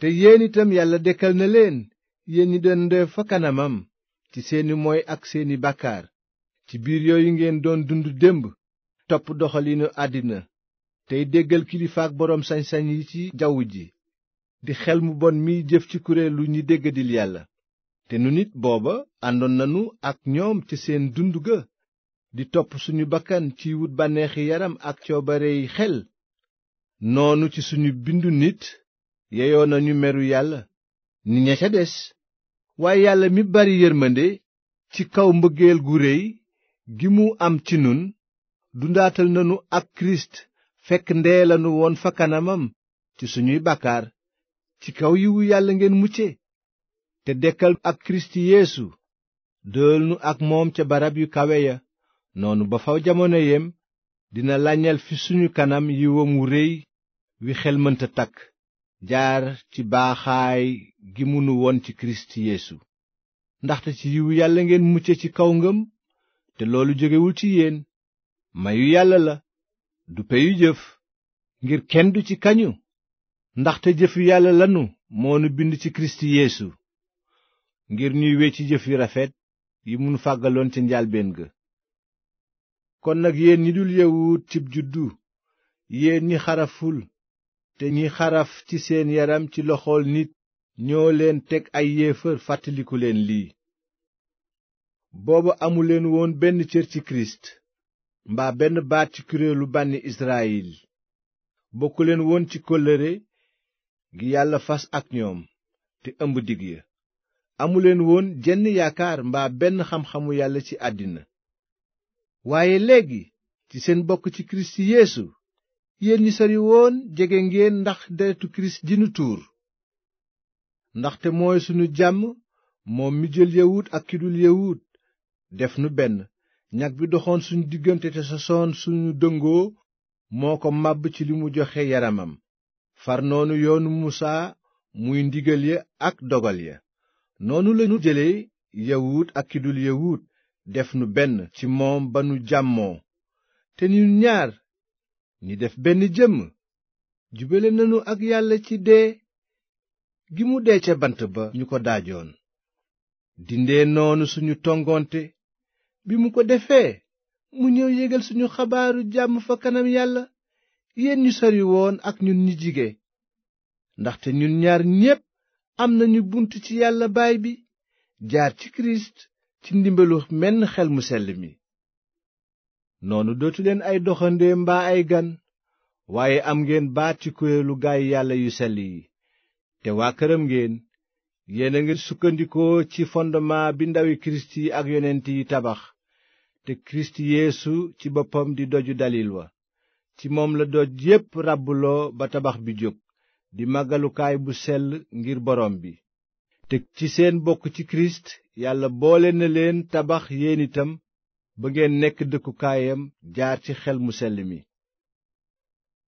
te yéen itam yàlla dekkal na leen yéen ñi doon fa kanamam ci seeni moy ak seeni bàkkaar ci biir yooyu ngeen doon dund démb topp doxalinu àddina tey déggal kilifaak boroom sañ-sañ yi ci jaww ji di xel mu bon miy jëf ci kuréelu ñi déggadil yàlla te nu nit booba àndoon nanu ak ñoom ca seen dund ga di topp suñu bakkan ci wut bànneexi yaram ak coobarey xel noonu ci suñu bindu nit yeyoo nañu meru yàlla ni ña ca des waaye yàlla mi bari yërmande ci kaw mbëggeel gu réy gi mu am ci nun dundaatal nanu ak kirist fekk ndee lanu woon fa kanamam ci suñuy bàkkaar ci kaw yiwu yàlla ngeen mucce te dëkkal ak kirist yeesu dëel nu ak moom ca barab yu kawe ya noonu ba faw jamono yem dina làññal fi suñu kanam yiwam wu réy wi xel mënta takk jaar ci baaxaay gi mënu won ci kirist yéesu ndaxte ci yiwu yàlla ngeen mucce ci kaw ngëm te loolu jógewul ci yéen mayu yàlla la du peyu jëf ngir kenn du ci kañu ndaxte jëfi yàlla lanu moonu bind ci kirist yéesu ngir ñuy ci jëf yu rafet yi mënu fàggaloon ca njaalbeen ga kon nag yéen ñi dul yawut juddu yéen ñi xaraful te ñi xaraf ci seen yaram ci loxool nit ñoo leen teg ay yéefar fàttaliku leen lii booba amuleen woon benn cër ci kirist mbaa benn baat ci kuréelu bànni israyil bokkuleen woon ci kóllëre gi yàlla fas ak ñoom te ëmb digg ya amuleen woon jenn yaakaar mbaa benn xam-xamu yàlla ci àddina waaye léegi ci seen bokk ci kirist yéesu yéen ñi jege ngeen ndax deretu kirist ji ndaxte mooy sunu jàmm moom mi jël yawut ak ki yawut def nu benn ñag bi doxoon suñu diggante te sosoon suñu dëngoo moo ko màbb ci li mu joxe yaramam far noonu yoonu musaa muy ndigal ya ak dogal ya noonu lañu jële yawut ak ki yawut def nu benn ci moom ba nu jàmmoo te ñun ñaar ñu def benn jëmm jubale nanu ak yàlla ci dee gi mu dee ca bant ba ñu ko daajoon dindee noonu suñu tongoonte bi mu ko defee mu ñëw yégal suñu xabaaru jàmm fa kanam yàlla yenn ñu sori woon ak ñun ñi jige ndaxte ñun ñaar ñépp am nañu bunt ci yàlla baay bi jaar ci kirist ci ndimbalu menn xel mu sell mi noonu dootu leen ay doxande mbaa ay gan waaye am ngeen baat ci kuréelu gaay yàlla yu sell yi te waa këram ngeen yéen a ngi sukkandikoo ci fondement bi ndawi kirist yi ak yonent yi tabax te kirist yeesu ci boppam di doju dalil wa ci moom la doj yépp ràbbuloo ba tabax bi jóg di màggalukaay bu sell ngir borom bi te ci seen bokk ci kirist yàlla boole na leen tabax yéen itam ba ngeen nekk dëkkukaayam jaar ci xel mu sell mi